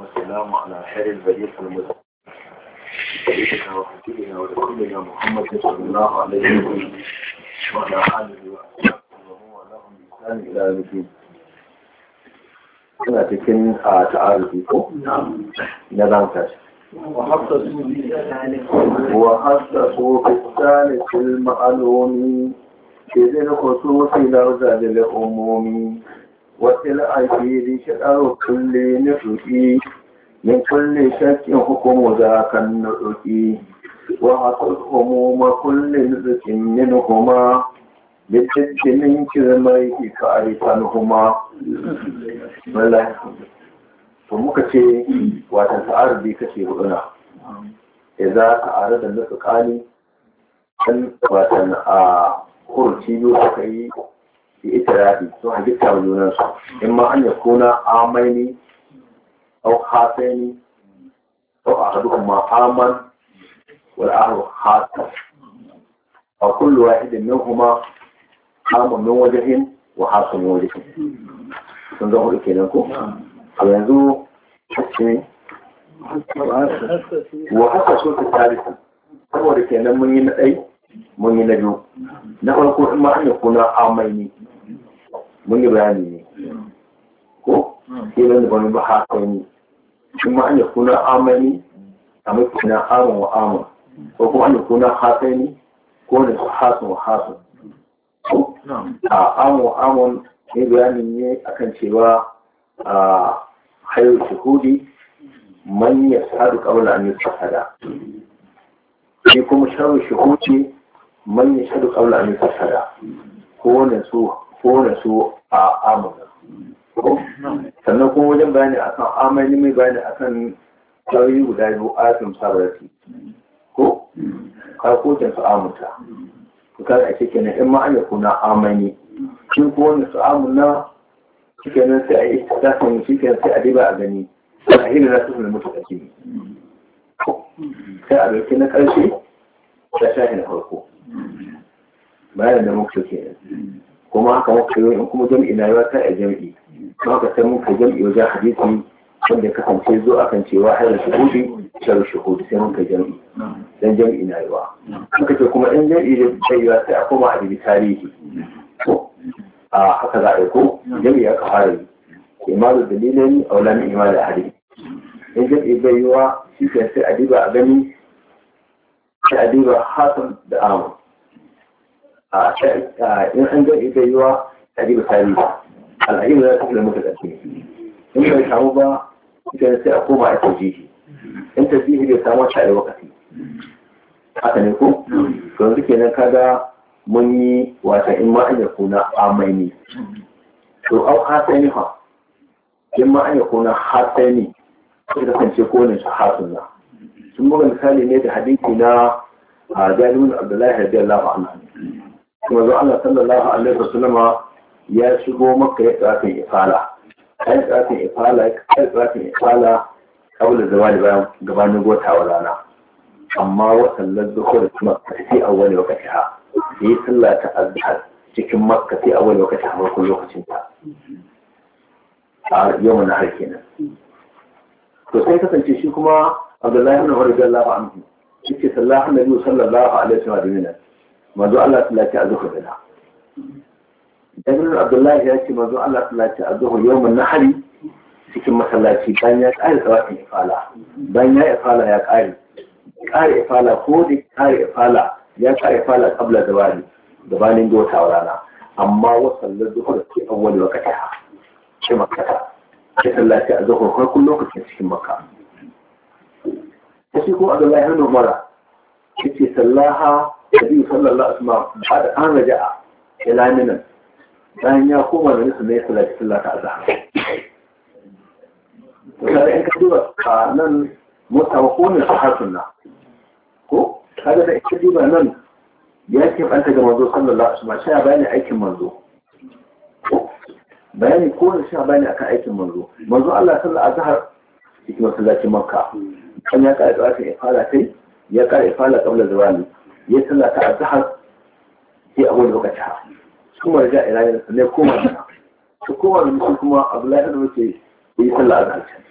والسلام على خير البريد المذكور. سيدنا وحبيبنا ورسولنا محمد صلى الله عليه وسلم وعلى آله وأصحابه وهو لهم إلى يوم الدين suna cikin a ta'arufi ko na rantar وحسسوا بالثالث المعلوم إذ الخصوص لوزة للعموم وتلعبي لشعر كل نفسي من كل شك حكم ذاك النطق وعطى هموم كل نزك منهما بالجد من كلميه فأعرفنهما والله to muka ce watan ta'arudi kace huduna idza ta'arada nutqani kan a kurci biyu suka yi fi itirafi sun halitta wa junansu in ma an yakuna amaini au hasaini au ahaduhuma aman wal ahru hasan fa kullu wahidin minhuma amun min wajhin wa hasan min wajhin sun zama hudu kenan ko a yanzu ce wa haka ta tarihi saboda kenan mun yi na ɗai mun yi na na farko in ma amaini mun yi bayani ne ko kenan hmm. da wani baha haka ne kuma an yi kuna amani a mai kuna aron wa amon ko kuma an yi kuna hatsani ko da hasun wa hasun a amon wa amon ne bayanin ne akan cewa a hayar shahudi man ya sadu kawai an yi fasada ne kuma shahudi man ya sadu kawai an yi fasada ko wani su kora su a amurka sannan kuma wajen bayani akan amani mai bayani akan tauri guda biyu asim sabarati ko karkocin su amurka kuka da ake kenan in ma'anya kuna amani shi ko wani su amurka shi kenan sai a yi tasasin shi kenan sai a diba a gani a hira na sufin mutu a kini sai a dauki na ta da na farko bayan da muka kenan kuma haka waka yi in kuma jam'i na yawa ta a jam'i don haka sai muka jam'i wajen hadisi wanda ka kasance zo akan cewa hayar shuhudi shar shuhudi sai muka jam'i dan jam'i na yawa muka ce kuma in jam'i da bai sai a koma a bibi tarihi to a haka za a yi ko jam'i aka fara yi imamu dalilin aulami imamu hadisi in jam'i bai yawa shi sai a diba a gani sai a diba hasan da amur in an ga ita yiwa ta ji misali al'ajibu za ta fi da mutu da su in bai samu ba ita sai a koma a taujihi in taujihi bai samu ta a wakati haka ne ko to yanzu kenan kaga mun yi wata in ma an ya kuna amai ne to au ne fa, in ma an ya kuna hasani sai kasance ko ne su hasunna sun buga misali ne da hadisi na a jami'in abdullahi radiyallahu anhu yanzu Allah sallallahu alaihi wa sallama ya shigo maka ya tsafin ifala ya tsafin ifala ya tsafin ifala kawai zawali bayan gabanin gotawa rana amma wasallar zuhur makka sai a wani lokaci ha sai sallah ta azhar cikin makka sai a wani lokaci ha farkon lokacin ta a yau na har kenan to sai kasance shi kuma Abdullahi ibn Umar radiyallahu anhu yake sallahu alaihi wasallam sallallahu alaihi wa wasallam manzo Allah Ta a azhar da Jabir Abdullahi ya ce manzo Allah Ta a azhar yawmun nahari cikin masallaci bayan ya ƙare tsawafin ifala bayan ya ifala ya ƙare ƙare ifala ko da ƙare ifala ya ƙare ifala kabla da wani gabanin dota rana amma wasan da zuhur ke awwal wa kata ce makka ce sallaci a zuhur farkon lokacin cikin makka ta shi ko Abdullahi Hannu Mara ce sallaha النبي sallallahu الله عليه وسلم بعد أن رجع إلى bayan ya koma da nufin na ya salati sallah ta azhar misali in ka duba a nan mutawakonin a harsunna ko kaga da in ka duba nan ya ke banta ga manzo sallallahu alaihi wasallam sha bayani aikin manzo bayani ko da sha bayani akan aikin manzo manzo Allah sallallahu alaihi wasallam cikin masallacin makka kan ya kare tsawata ifala kai ya kare ifala kabla zawali ya sallah ta azhar sai abu lokaci ha kuma da ila ne koma ta koma da kuma Abdullahi da yake yi sallah azhar